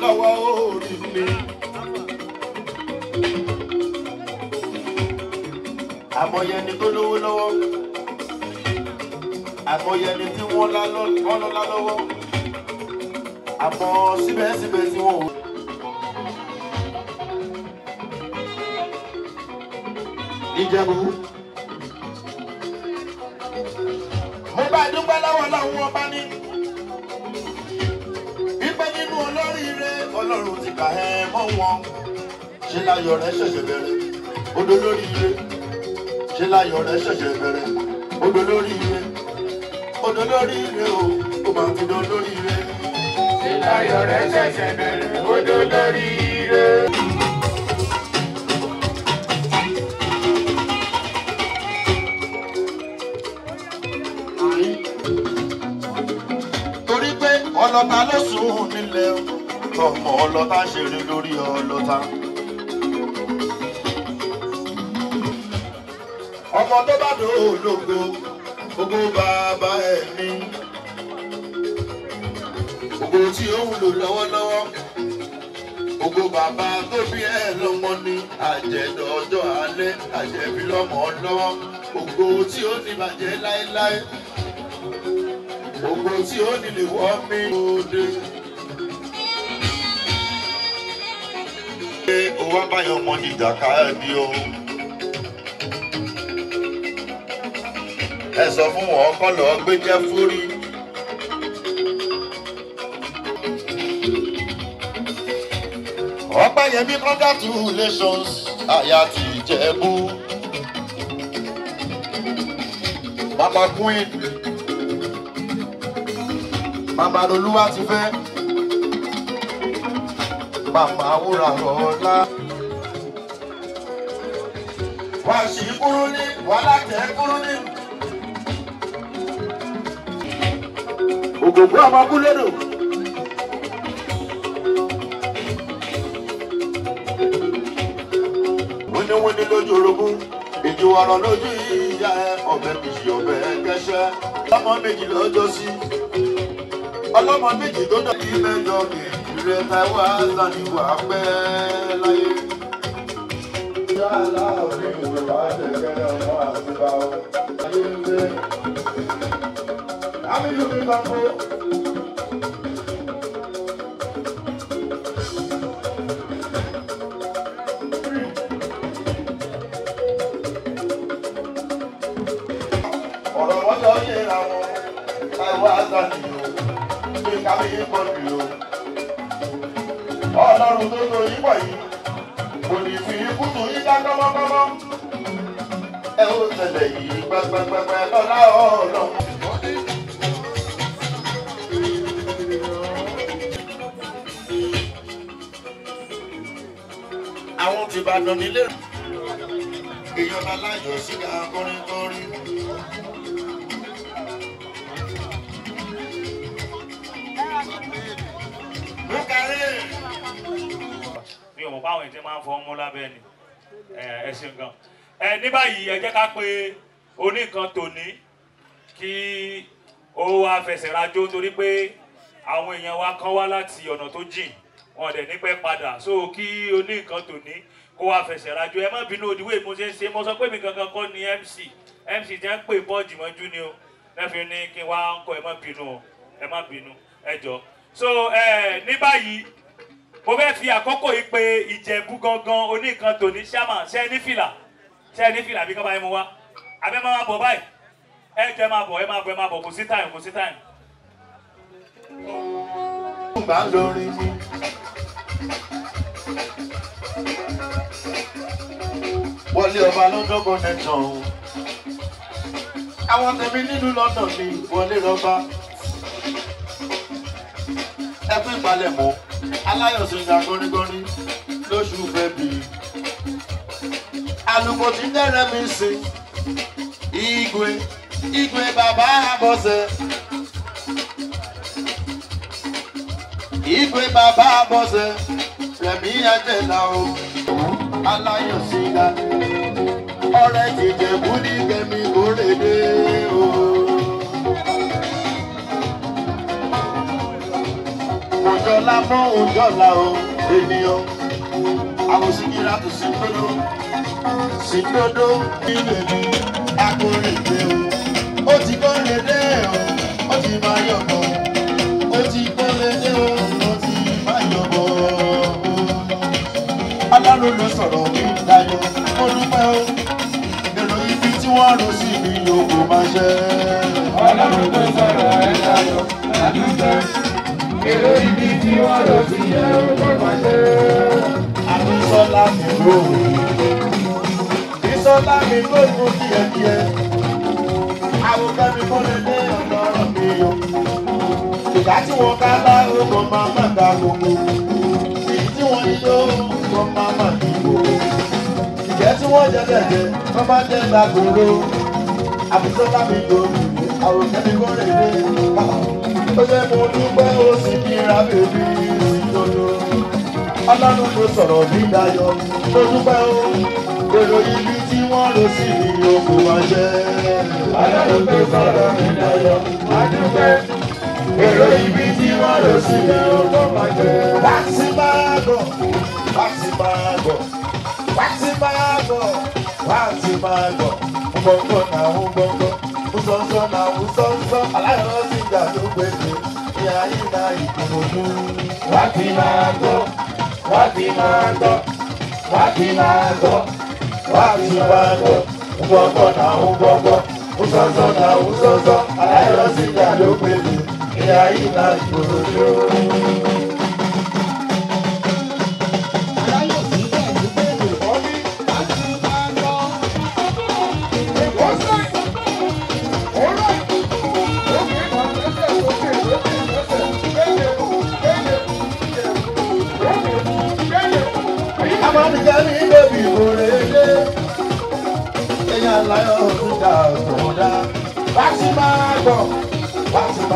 làwa ò rí ni. àmọye ẹni tó lówó lọ́wọ́ àmọye ẹni tí wọ́n lọ́lá lọ́wọ́ àmọ́ síbẹ̀síbẹ̀ tí wọ́n ò. mo bá dúpẹ́ lọ́wọ́ lọ́wọ́ ọba ní. ọlọ́run ti gbà ẹ́ mọ́ wọn ṣe láyọ̀ rẹ ṣẹ̀ṣẹ̀ bẹ̀rẹ̀ odò lórí ire ṣe láyọ̀ rẹ ṣẹ̀ṣẹ̀ bẹ̀rẹ̀ odò lórí ire odò lórí ire o ó máa fi dán lórí ire. ṣe láyọ̀ rẹ ṣẹ̀ṣẹ̀ bẹ̀rẹ̀ odò lórí ire. ọlọ́ta ló sùn nílẹ̀ o ọmọ ọlọ́ta ṣeré lórí ọlọ́ta. ọmọ tó bá dò ó lógo gbogbo bàbá ẹ̀ ní. ògo tí ó wúlò lọ́wọ́lọ́wọ́ ògo bàbá tó bí ẹ̀ lọ́mọ ní àjẹ̀dọ̀ ọjọ́ alẹ́ àjẹ̀bí lọ́mọ lọ́wọ́ ògo tí ó ní bàjẹ́ láéláé ògo tí ó nílè wọ́ mi pé o wá báyọ̀ ọmọ nìjàkadì o. ẹ sọ fún wọn ọkọ lọọ gbé jẹ fúrí. ọ̀pẹ̀yẹmí congratulations àyà ti Ìjẹ̀bú. bàbá queen bàbá lolúwa ti fẹ́ màmá wúrà ọ̀la. wàṣí kúrú ní wàlákẹ́ kúrú ní. ògògbó àmọ́kúlẹ́dò. wíníwíní lójú orogún ìjì ọ̀rọ̀ lójú ìyá ẹ ọ̀bẹ kìí ọ̀bẹ kẹsẹ́. ọlọ́mọ méjì lọ́jọ́ sí ọlọ́mọ méjì tó dọ̀ kí mẹ́jọ kìí hundred thousand ìwà pẹ́ láyé. ìyá aláàfin ìwé wa tẹ̀kẹ́rẹ́ ọmọ àtibá o ayé ń gbé. amílù mi máa kó. ọ̀rọ̀ wọn lọ yẹra wọn táwọn àgbà nìyó gbé káwé yín pọ̀ nìyó ọlọ́run tó lo yín bọ̀ yìí kò ní fi ikú tún yín ká kọ́mọ́kọ́mọ́ ẹ ó tẹ̀lé yìí pẹ́pẹ́pẹ́pẹ́ lọ́lá ọlọ́run. àwọn tìbàdàn nílé èèyàn aláyọ̀ síga akọrin tó rí. mọ̀ báwọn ètò máa ń fọ ọmú lábẹ́ ni ẹ ṣeun gan. ẹ ní báyìí ẹ jẹ́ ká pé oníkan tòní kí ó wá fẹsẹ̀ rajó torí pé àwọn èèyàn wa kan wá láti ọ̀nà tó jìn wọn dẹ̀ ní pẹ́ padà so kí oníkan tòní kó wá fẹsẹ̀ rajó ẹ má bínú òdiwọ̀ èmo ṣe ń ṣe mo sọ pé mi gangan kọ́ ni MC MC ti ń pè bọ́ọ̀dì mọ́jú ni o lẹ́fìn ní kí n wá ń kọ́ ẹ má bínú ẹ má bínú ẹ jọ so ní báyìí mo fẹ́ fi àkókò yìí pé ìjẹ̀bú gangan oníkan tòní ṣáma ṣẹ́ ní fìlà ṣẹ́ ní fìlà bí kábàáyé mo wá abẹ́ máa bọ̀ báyìí ẹ jẹ́ máa bọ̀ ẹ máa bọ̀ ẹ máa bọ̀ kò sí táìmù kò sí táìmù. wọlé ọba london connection àwọn tèmi nílùú london ni wọlé rọba ẹkú ìpalẹ̀mọ́ aláyọ̀sìnkà gọ́nigọ́ni lóṣù fẹ́bi. àlùkò tí tẹ́rẹ̀ mi sí igwe igwe bàbá àbọ̀sẹ̀. igwe bàbá àbọ̀sẹ̀ rẹ̀mí ajẹ́lá o aláyọ̀sìnkà ọ̀rẹ́ jẹjẹ bú ní kẹ́mi o. náà ò dọ́là o ènìyàn àwọn Síkírà tó sí gbódó sí gbódó nílé mi akóre dé o ó ti kóre dé o ó ti máa yọ̀bọ̀ ó ti kóre dé o ó ti máa yọ̀bọ̀ Ọlọ́run ló sọ̀rọ̀ mi dayọ̀ mo dúpẹ́ o èrò ibi tí wọ́n rò sí mi yòókù máa ṣe. Ọlọ́run ló sọ̀rọ̀ ẹ̀ dayọ̀ àdúgbò èrò ibi tí wọ́n lọ sí ẹ̀rọ gbọ́dọ̀ ṣe. àbísọ́lá mi lóhùn. bísọ́lá mi lóhùn kíyẹ̀kíyẹ̀. àwòkẹ́ mi kò lè dé ọ̀dọ̀ ọ̀rọ̀ mi yọ. ìgbà tí wọ́n ká bá ọmọ máa má ga gbogbo. èyí tí wọ́n ní ló ọmọ máa má bí gbogbo. ìjẹ́ tí wọ́n jẹ bẹ̀jẹ̀ wọ́n bá jẹ́ gbàgbóró. àbísọ́lá mi lóhùn àwòkẹ́ mi kò lè dé ọ̀dọ̀ ọ̀rọ̀ mi yọ tó jẹ́ mo dúpẹ́ ó sì nira bèbí ìdodo. ọlọ́run tó sọ̀rọ̀ nídàáyọ̀ tó dúpẹ́ ó èrò ibi tí wọ́n lọ sí ni òkú wa jẹ́. ọlọ́run tó sọ̀rọ̀ nídàáyọ̀ á dúpẹ́ èrò ibi tí wọ́n lọ sí ni òkú wa jẹ́. wá sí báàgọ̀ wá sí báàgọ̀ wá sí báàgọ̀ wá sí báàgọ̀ ń gbọ́ngàn náà ń sọ́nsọ́ náà wù sọ́nsọ́ aláìrán sí ìjà tó gbèsè ní àyíká ìkòròdú. wá ti máa gbọ́ wá ti máa gbọ́ wá ti máa gbọ́ wá ti máa gbọ́ gbọ́gbọ́ náà wù gbọ́gbọ́ wù sọ́nsọ́ náà wù sọ́nsọ́ aláìrán sí ìjà tó gbèsè ní àyíká ìkòròdú.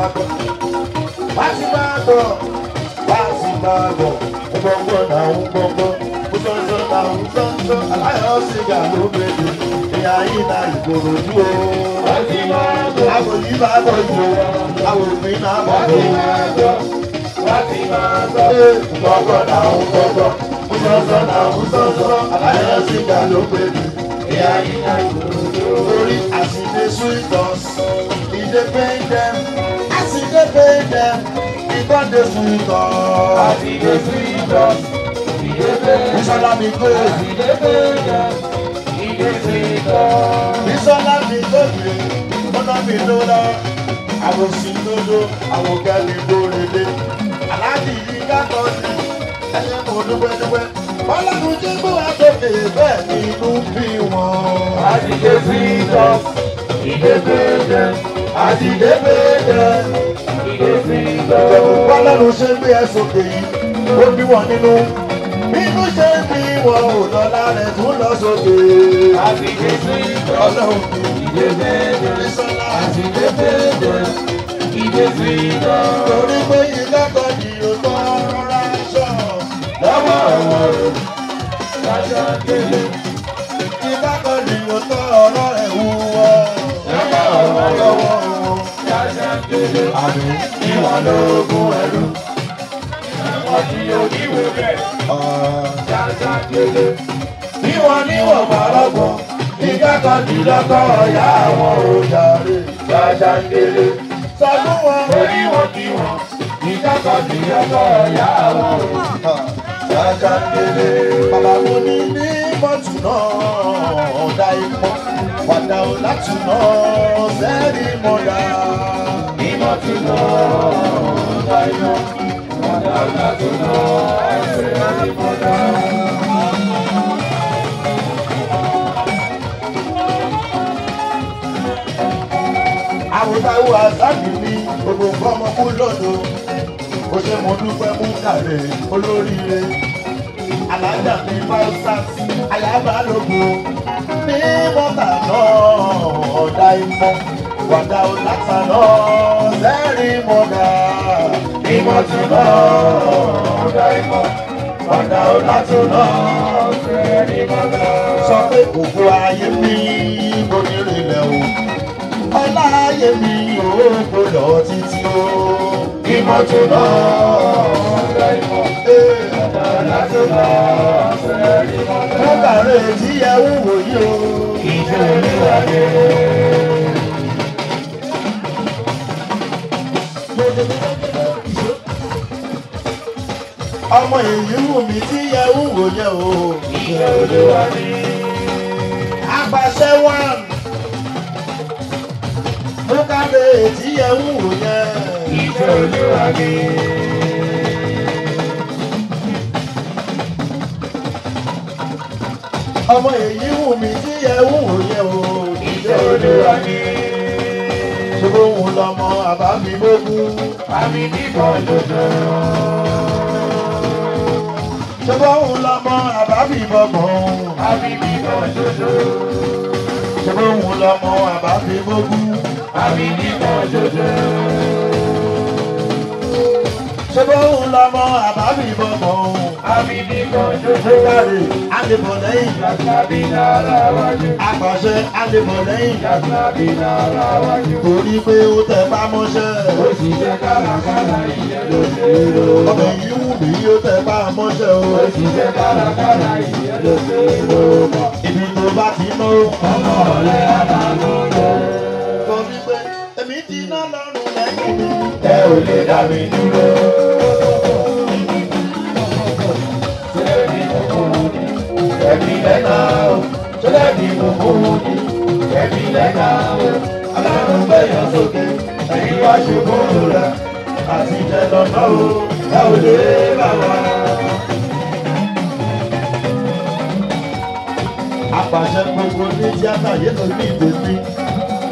máa bọ̀ wá sí máa bọ̀ wá sí máa bọ̀ gbọ́ngbọ́n náà ń gbọ́ngbọ́n sọ́nsọ́ náà ń sọ́nsọ́ aláyọ̀ sìgá ló gbèdè ìyá yìí na Ìkòròdú o. wá sí máa bọ̀ àwòyí máa bọ̀ jù àwòmí náà bọ̀ jù. wá sí máa bọ̀ gbọ́ngbọ́n náà ń gbọ́ngbọ́n sọ́nsọ́ náà ń sọ́nsọ́ aláyọ̀ sìgá ló gbèdè ìyá yìí na Ìkòròdú o. torí àṣìlẹ̀ sweet us e dey pain them a a péjẹ ìkọ́dé sùn ìtọ̀. àfìdé sùn ìtọ̀ ìdè péjẹ. ìsọlá mi gbé. àfìdé péjẹ ìdè sùn ìtọ̀. ìsọlá mi gbòdì ọ̀nà mi ló lọ. àwòsí lódò àwòkẹ́ mi lóore dé. aláàbì yìí a sí ẹyẹ kò a Ọlọ́run jẹ́ kó a sókè bẹ́ẹ̀ ni a bí wọn. Àdìdé a ìtọ́, ìdébéjẹ, àdìdébéjẹ bọ́lọ́run ṣe gbé ẹ sókè yìí ó bí wọn nínú inú ṣe ń bí wọn ò lọ lálẹ́ tún lọ sókè. ọlọ́run ìdè fèdè àti ìdè fèdè ìdè fèdè. torí pé ilé ni o tọ́ rọra ṣọ́ lọ́wọ́ àwọn ọ̀rọ̀ ṣáṣá dé. lè àmì ìwà lóògùn ẹ̀rú. ọtí oníwè bẹ̀ ṣáṣá délé. níwọ̀n níwọ̀n pàrọ̀gbọ̀n ìdákàndínlọ́gọ́ ọ̀yá àwọn òjàre ṣáṣá délé. sọ fún wọn oníwọ̀n tiwọn ìdákàndínlọ́gọ́ ọ̀yá àwọn òjàre ṣáṣá délé. bàbá mo ní ní mọ́tò náà ọ̀dà ìpọ́n wàdà ò látùnà sẹ́ẹ̀rì mọ́ra ti lọ ọ̀dà iná ọ̀dà ọ̀dà ti lọ ẹsẹ̀ ìbọ̀dà. àwòtáwò àzáàbì mi gbogbo ọmọ kú lọ́dọ̀ ó ṣe mo dúpẹ́ mú kàrẹ́ olóríire alájà mi falsas alábàálòpọ̀ ní mọ́tà náà ọ̀dà ìmọ̀ wàdà ọ̀làtàná sẹ́rí mọ̀gà ìmọ̀ túnbà ọ̀gá ìmọ̀ wàdà ọ̀làtàná sẹ́rí mọ̀gà. sọ pé òkú ayé mi gbòmìnrin lẹ̀ o ọlá ayé mi ò gbọdọ̀ títí o ìmọ̀ túnbà ọ̀gá ìmọ̀ wàdà ọ̀làtàná sẹ́rí mọ̀gà. mo bàrẹ̀ èjì yẹ wúwo o. ìjọ olúwa ni. ọmọ èyí wù mí tí yẹ ń wò yẹ o. ìṣe olúwa ni. apàṣẹ one. mú kábẹ̀ tí yẹ ń wò yẹ. ìṣe olúwa ni. ọmọ èyí wù mí tí yẹ ń wò yẹ o. ìṣe olúwa ni. ṣòro ń lọmọ àbámi mógún. àmì kíkọ́ lọ́dọ̀ ṣé bóun lọmọ àbábìbọn mọ́ òun. àbíbíbọn ṣoṣo. ṣé bóun Abibi àbábìbọ́gún. àbíbíbọn ṣoṣo. ṣé bóun lọmọ àbábìbọn mọ́ òun. àbíbíbọn ṣoṣo. káre alèbọ̀ lẹ́yìn. jàkàbí náírà wájú. àpàṣẹ alèbọ̀ lẹ́yìn. jàkàbí náírà wájú. torí pé ó tẹ bá mọ́ṣẹ́. ó sì jẹ́ káràkárà ìyẹn ló ṣe é lò. ọbẹ̀ yìí tí ó tẹ̀ bá mọ́ṣẹ́ o. òṣìṣẹ́ kárakára ìyẹn ló ṣe é ló mọ̀. ibi tó bá ti ná ọmọ rẹ̀ àtàlù rẹ̀. sọ wípé èmi ti ná lọ́rùn lẹ́yìn. ẹ ò lè dá mi dúró. ẹ̀mí lẹ́nà o ṣẹlẹ́bí kòkòrò ni ẹ̀mí lẹ́nà o aláàrùn gbẹ̀yàn sókè ẹ̀yìn wá ṣòkòrò rẹ̀ àti ìjẹ́ lọ́nà o ẹ ò lè bá wa. àpàṣẹ gbogbo ní tíátà yìí ló ní ìdèmí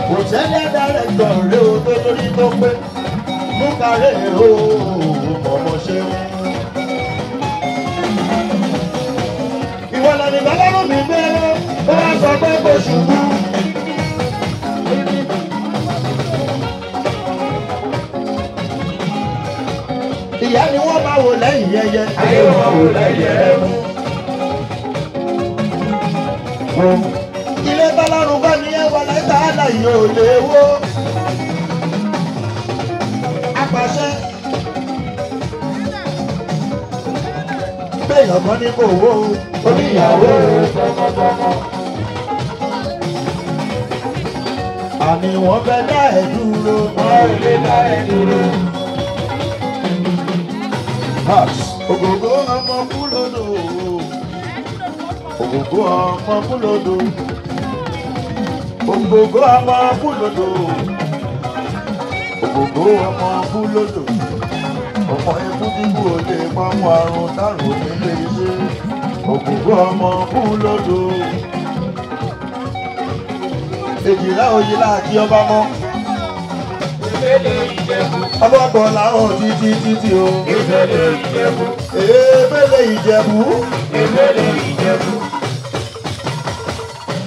kò sẹ́ni dárẹ́tọ̀ o tó lórí tó bàbá mi gbé bá a sọ pé kò ṣubú. ìyá ni wọ́n máa wò lẹ́yìn ẹyẹ. ayé wọn wò lẹ́yìn ẹyẹ. ilé tọ́lọ́run bá ní ẹwà lẹ́tà àlàyé ò lè wó. apàṣẹ. béèyàn kan ní kò wó o. oníyàwó tọmọtọmọ. àní wọ́n fẹ́ dá ẹ̀ dúró. wọ́n lè dá ẹ̀ dúró heart. Ògògó ọmọ kúlódò. Ògògó ọmọ kúlódò. Ògògó ọmọ kúlódò. Ògògó ọmọ kúlódò. Ọmọ ikú bíbú òde pamọ́ àrùn dárùn nílé iṣẹ́. Ògògó ọmọ kúlódò. Èjìlá òjìlá àti ọba mọ́ ọlọ́gbọ̀n làwọn títí títí o. èfèlè ìjẹ̀bú. èfèlè ìjẹ̀bú. èfèlè ìjẹ̀bú.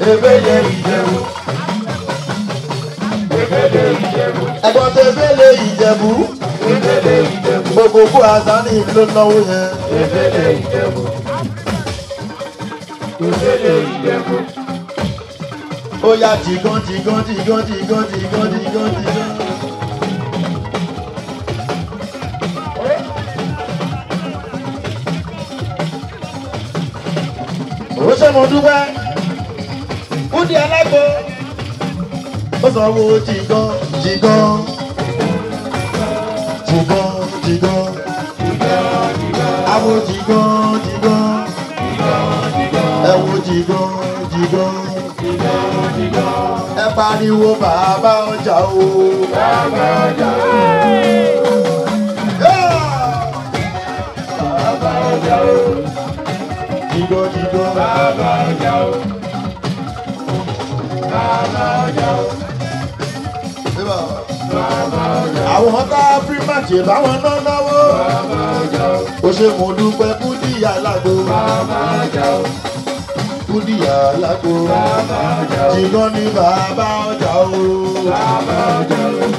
èfèlè ìjẹ̀bú. èfèlè ìjẹ̀bú. ẹ̀gbọ́n tó èfèlè ìjẹ̀bú. èfèlè ìjẹ̀bú. gbogbo kó azani ló náwó yẹn. èfèlè ìjẹ̀bú. èfèlè ìjẹ̀bú. ó yá tìgán tìgán tìgán tìgán tìgán tìgán tìgán. pé mo dúpẹ́ kúndì alágbo ó sọ wo jìgàn jìgàn jìgàn jìgàn àwo jìgàn jìgàn ẹ wo jìgàn jìgàn ẹ pariwo bàbá ọjà o. bàbá ọjà o. bàbá ọjà o dìbò dìbò bàbá ọjà o bàbá ọjà o. àwọn tá a fi má ṣe báwọn náà náwó. ó ṣe mo dúpẹ́ kúdíyà lágbo. kúdíyà lágbo. jìnnà ni bàbá ọjà o. bàbá ọjà o.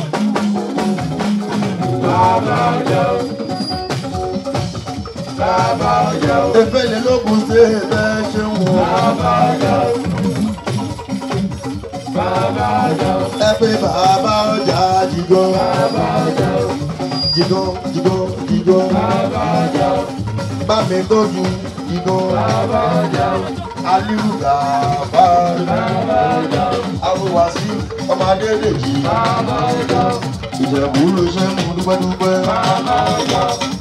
bàbá ọjà o bàbá ọjà o. efele lókun ṣe é bẹ́ẹ̀ ṣe ń wò. bàbá ọjà o. bàbá ọjà o. ẹ pé bàbá ọjà jìgàn. bàbá ọjà o. jìgàn jìgàn jìgàn. bàbá ọjà o. bá mi gbójú jìgàn. bàbá ọjà o. aliu bàbá ọjà o. bàbá ọjà o. awùwàsí ọmọdé lè jí. bàbá ló ṣe ń mú dúpẹ́dúpẹ́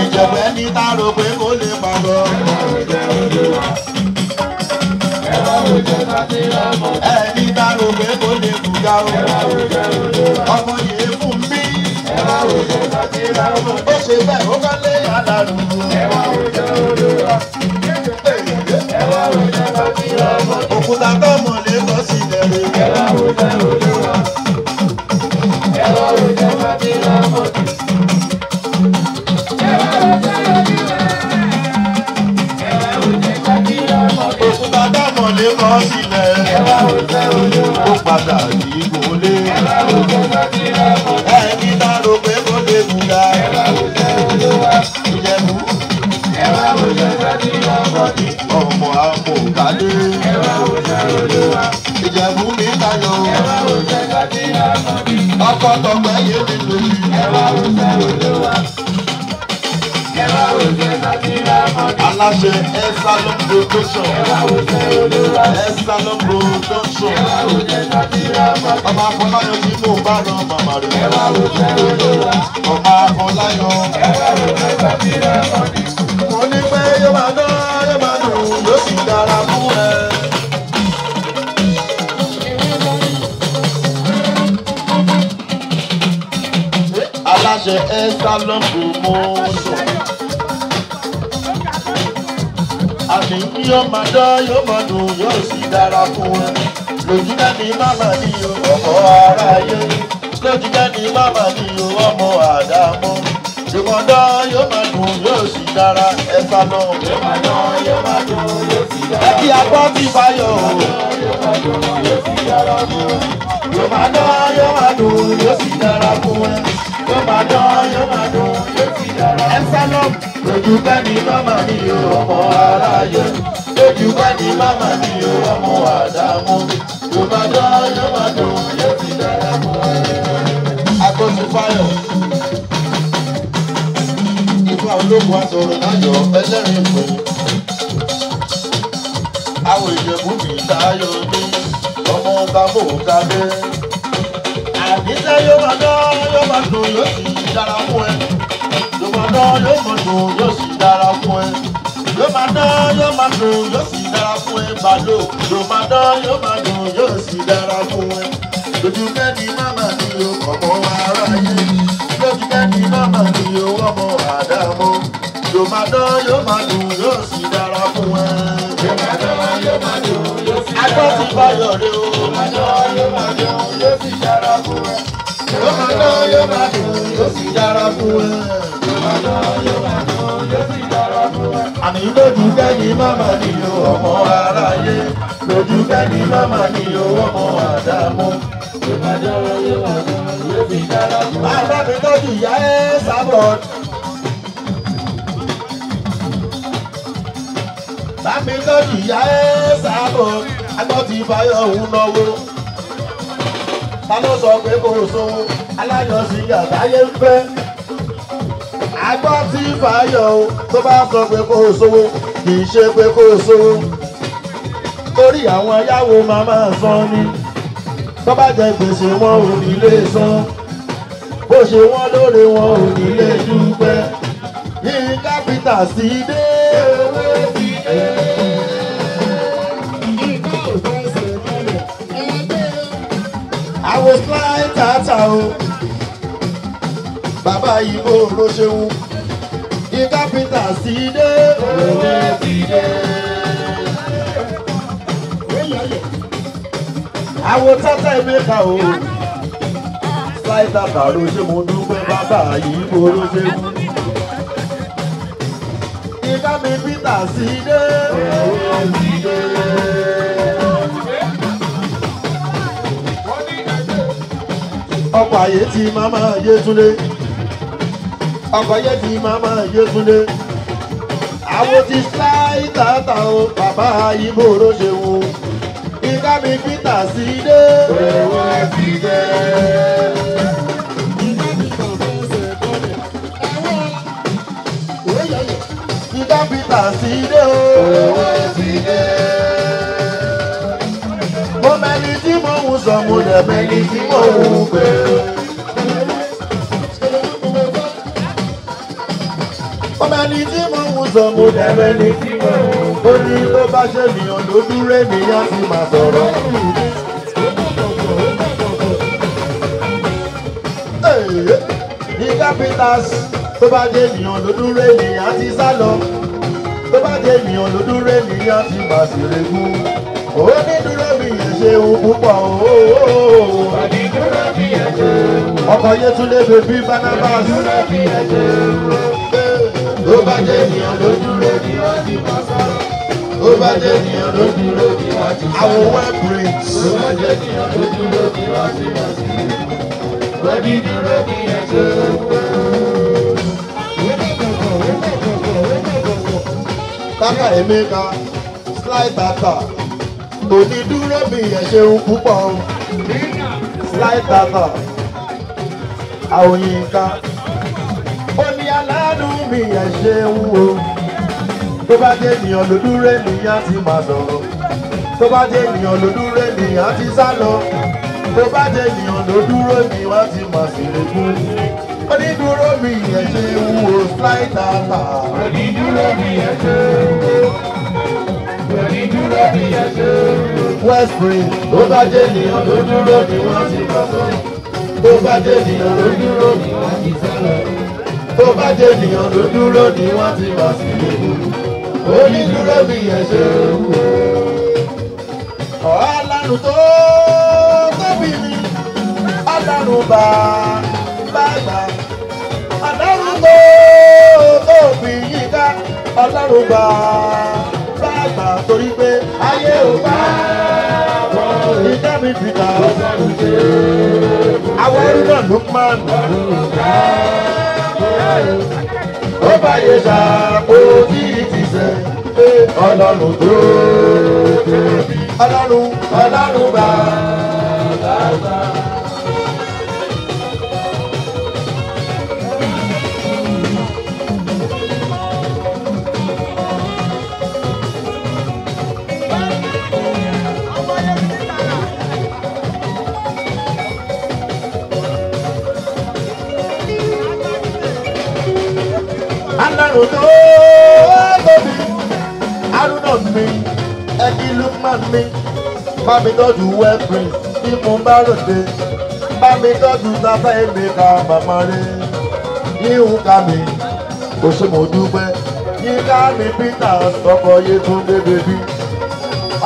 ìjọba ẹni tá a rò pé kó lè pàgọ́. ẹni tá a rò pé kó lè bùgá o ọmọ yìí fún mi. ó ṣe bẹ́ẹ̀ ó kọ́ lé yàrá rù. òkúta tó mọ̀ lé kọ́ sílẹ̀ rẹ̀. Ẹ wá wo jẹ́ òde wa. Ẹ wá wo jẹ́ lè kọ́ sílẹ̀. Ó padà yìí kò lé. Ẹni tá ló pé kó lè kú ga. Ìjẹ̀bú. Ọmọ àpò kálé. Ìjẹ̀bú mi tayọ. Ọkọ̀ tọpẹ́ yé mi lò. aláṣẹ Ẹ́sálọ́n production Ẹ́sálọ́n production bàbá Afọláyọ̀ tí mò ń bá ran màmá rẹ̀ bàbá Afọláyọ̀ mo ní pé yóò máa dán yóò máa dùn yóò sì dára fún ẹ. aláṣẹ Ẹ́sálọ́n promotion àmì ní ó máa dán yóò mọ̀ dùn yóò sì dára fún wọn lójú náà ní màmá ní ọkọ̀ aráyé lójú náà ní màmá ní ọmọ àdámọ́ ìmọ̀dán yóò máa dùn yóò sì dára ẹ̀fà náà ìmọ̀dán yóò máa dùn yóò sì dára ẹ̀kí agbọ́ ti fayọ̀ o yóò máa dán yóò máa dùn yóò sì dára fún ẹ yóò máa dán yóò máa dùn. Absalom lójú bá ní màmá mi o ọmọ aráyé lójú bá ní màmá mi o ọmọ àdàmú yóò má dán yóò má dùn yóò ti dára mọ́ ẹ. Akọ́sùn Fáyọ̀ ikú àwọn ológun asọ̀rọ̀ náà yọ ẹlẹ́rìí pé àwọn ìjẹ̀bú mi sáyọ ní ọmọ ọba mò ń kábẹ́. Àbísẹ́ má dán yóò má dùn yóò ti dára mọ́ ẹ ló máa dán yóò mọ̀ dùn yóò sì dára fún ẹ. ló máa dán yóò máa dùn yóò sì dára fún ẹ bàló ló máa dán yóò máa dùn yóò sì dára fún ẹ. lójú kẹ́ni màmá ni o ọmọ ni o ọmọ àdámọ́ ló máa dán yóò máa dùn yóò sì dára fún ẹ. ló máa dán yóò máa dùn yóò sì dára o. ló máa dán yóò máa dùn yóò sì Yóò máa dán yóò máa dùn yóò sì dára fún ẹ. Yóò máa dán yóò máa dùn yóò sì dára fún ẹ. Àní lójú kẹ́yìn máma nílò ọmọ aráyé. Lójú kẹ́yìn máma nílò ọmọ àdámọ́. Yóò máa dán yóò máa dùn yóò sì dára fún ìyá ẹ sábọ̀. Agbọ́n ti fayọ̀ òun náwó ta ló sọ pé kò sówó alájọsí àgbáyé ń fẹ́ agbọ́ tí fàáyọ̀ o tó bá sọ pé kò sówó kì í ṣe pé kò sówó torí àwọn yáwó máa máa san ni tó bá jẹ gbèsè wọn ò ní lè san bó ṣe wọ́n lóore wọn ò ní lè dúpẹ́ yín kápítà sí dé. wo fly tata o bàbá ìbò ló ṣeun ní kápítà sí dé òwe ti dé. àwo tata emeka o fly tata ló ṣe mo dúpẹ́ bàbá ìbò ló ṣeun ní kápítà sí dé òwe ti dé. ọkọ̀ ayé ti mama Yétúndé ọkọ̀ ayé ti mama Yétúndé àwọn ti sáì tààtà o bàbá ibo ló ṣe wù ìka mi peter sí dé. owó ti dé. ìka peter sí dé o. owó ti dé. sọ mo lè mẹ́ni tí mo wù pé. ó mẹ́ni tí mo wù sọ mo lè mẹ́ni tí mo wù pé. ó ní tó bá ṣe nìyàn ló dúró ènìyàn sì máa sọ̀rọ̀. ní capitals tó bá jẹ́ ènìyàn ló dúró ènìyàn ti sá lọ tó bá jẹ́ ènìyàn ló dúró ènìyàn ti máa sì regún. òun ní dúró ṣeun púpọ̀ ooo. ọkọ Yétúndé bèbí Barnabas. tó bá jẹ́ ènìyàn ló dúró ni wọ́n ti bá sọ̀rọ̀. tó bá jẹ́ ènìyàn ló dúró ni wọ́n ti bá sọ̀rọ̀. àwọn web bricks. tó bá jẹ́ ènìyàn ló dúró ni wọ́n ti bá sọ̀rọ̀. wọ́n ti dúró ni ẹ̀ ṣe é. Kaka Emeka, slide data kò ní dúró mi ẹ̀ ṣeun púpọ̀ o slide tata àwòyínká ó ní aláàánú mi ẹ̀ ṣeun o tó bá jẹ́ ènìyàn ló dúró ènìyàn ti máa sọ̀rọ̀ tó bá jẹ́ ènìyàn ló dúró ènìyàn ti sá lọ tó bá jẹ́ ènìyàn ló dúró ènìyàn ti máa sì lè kú onídúró mi ẹ̀ ṣeun o slide onídúró mi ẹ̀ ṣeun o west spring tó bá jẹ́ ènìyàn ló dúró ni wọ́n ti kọ́kọ́ tó bá jẹ́ ènìyàn ló dúró ni wọ́n ti sálọ tó bá jẹ́ ènìyàn ló dúró ni wọ́n ti wà sí ìlú onídúró bí yẹn ṣe wù. ọ̀há lánàá tó tóbi ni alánàá bá bá gbà àdánù tó tóbi yíká ọlọ́run bá àgbà torí pé ayé ò bá wọn ìdá mi fi ta ọ̀sán ṣe. àwọn orí náà ló máa ń ó bá yẹ ṣàpò tí ti sẹ ọlọ́run tó tóbi ọlọ́run ọlọ́run bá. I I don't know, dòdò tóbi arúnà mi ẹni lukman mi bá mi tọ́jú wẹ́pìn bí mo bá ròde bá mi tọ́jú bàbá èmi ká màmá rẹ̀ yíhun ká mi kò ṣe mo dúpẹ́ yíká mi peter ọkọ̀ yé tún bébè bí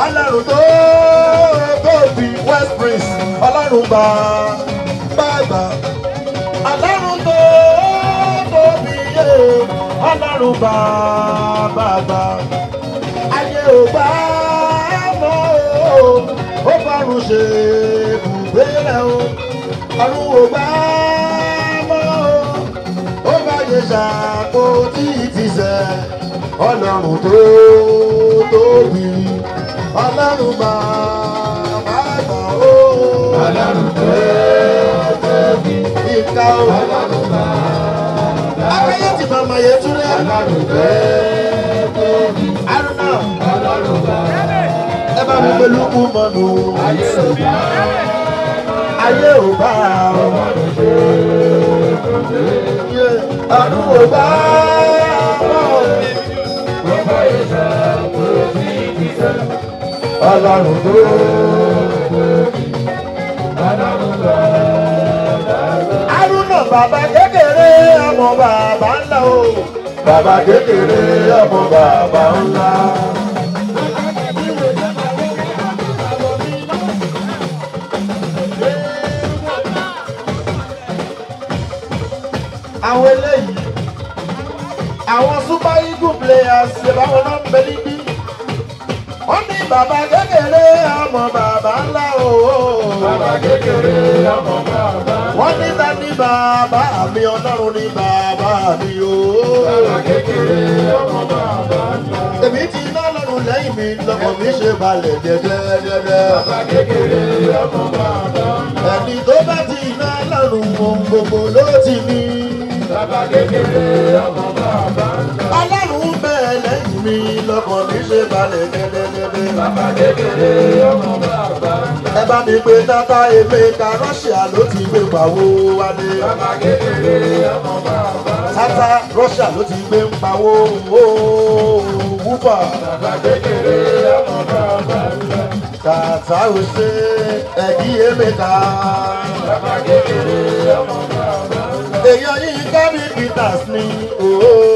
ọlọ́run tó tóbi west prince ọlọ́run bá bàbá. ọlọ́run bàbá bá ayé ò bá mọ́ o ó fọ́run ṣe ibùgbé rẹ̀ o ọ̀run ò bá mọ́ o ó fàyè ṣàkó tí ìtìsẹ̀ ọlọ́run tó tóbi ọlọ́run bàbá bá o ọlọ́run tó tóbi ìka ọlọ́run bàbá. Ayétúndé. Alárùfẹ́ tóbi. Arúnà. Alárùfẹ́. Ẹ bá mi pẹ̀lú kú mọ́nu. Ayé ò bá. Ayé ò bá. Ọmọ mi ṣe tóbi. Ọdún ò bá. Ọmọ mi. Gbogbo ìṣẹ́ kúrò sí ìṣẹ́. Ọlọ́run tó tóbi. Ọlọ́run tó tóbi. Arúnà bàbá dé ọmọ bàbá ńlá o. Bàbá kékeré ọmọ bàbá ńlá. Àwọn eléyìí, àwọn super eagle players ṣe báwọn náà ń bẹ ní. Baba kékeré ọmọ baba ńlá o. Baba kékeré ọmọ baba. ńlá. wọ́n ní ta ni bàbá mi ọlọ́run ni bàbá mi o. Baba kékeré ọmọ baba. ńlá. èmi ti ná lọ́rùn lẹ́yìn mi lọ́kọ̀ mi ṣe balẹ̀ dẹ́dẹ́dẹ́dẹ́. bàbá kékeré ọmọ bàbá ńlá. ẹni tó bá ti ná lọ́rùn ohun gbogbo ló ti ní. bàbá kékeré ọmọ kan nílé balẹ̀ gẹ́gẹ́gẹ́gẹ́. bàbá kékeré ọmọ bàbá ńlá. ẹ bá mi gbé tata efe ka Russia ló ti gbé pawó wálé. bàbá kékeré ọmọ bàbá ńlá. tata Russia ló ti gbé wo wúfà. bàbá kékeré ọmọ bàbá ńlá. tata ò ṣe ẹ̀dí emeka. bàbá kékeré ọmọ bàbá ńlá. èèyàn yìí ká ní peters ni. Oh, oh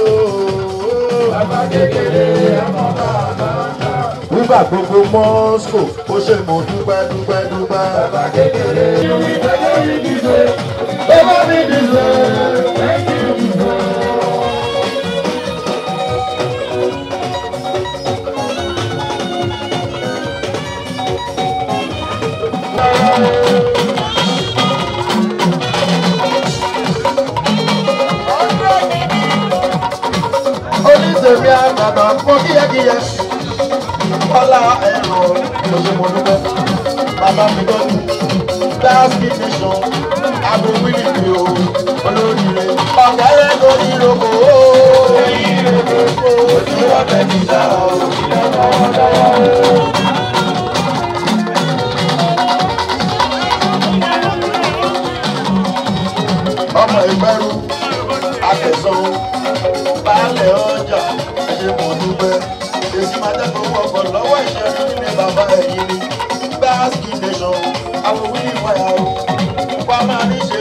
nígbà gbogbo mọ́sùkò ó ṣe mo dúpẹ́ dúpẹ́ dúpẹ́. bàbá kékeré yìí wí pé lórí dìde bàbá mi dìde. bàbá ń fọ́ kíyẹ́kíyẹ́ ọlá ẹ̀rọ òṣèmọ̀dúpẹ́ bàbá mi tọ́jú láàbí nation agbègbè mi o olóríire ọ̀gẹ́rẹ́ lórí ìrókò ó ní ọbẹ̀ nígbà ó lọ́wọ́lọ́wọ́ ó. ọmọ ìgbẹ́rù akẹ́sọ̀ọ́. ẹ̀yìn ni gbáàsì nation àwọn wí ìfọyà o wà máa ní ṣe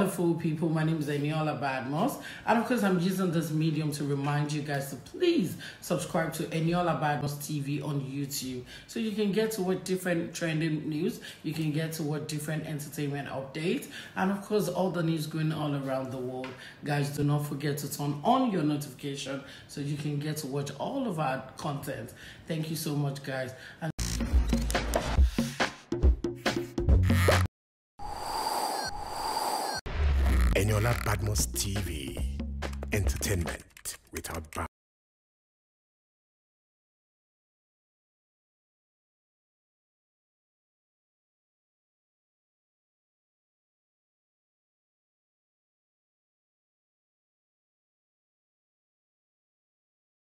wonderful people. My name is Eniola Badmos. And of course, I'm using this medium to remind you guys to please subscribe to Eniola Badmos TV on YouTube. So you can get to what different trending news, you can get to what different entertainment updates, and of course, all the news going all around the world. Guys, do not forget to turn on your notification so you can get to watch all of our content. Thank you so much, guys. And Padmos TV. Entertainment without bounds.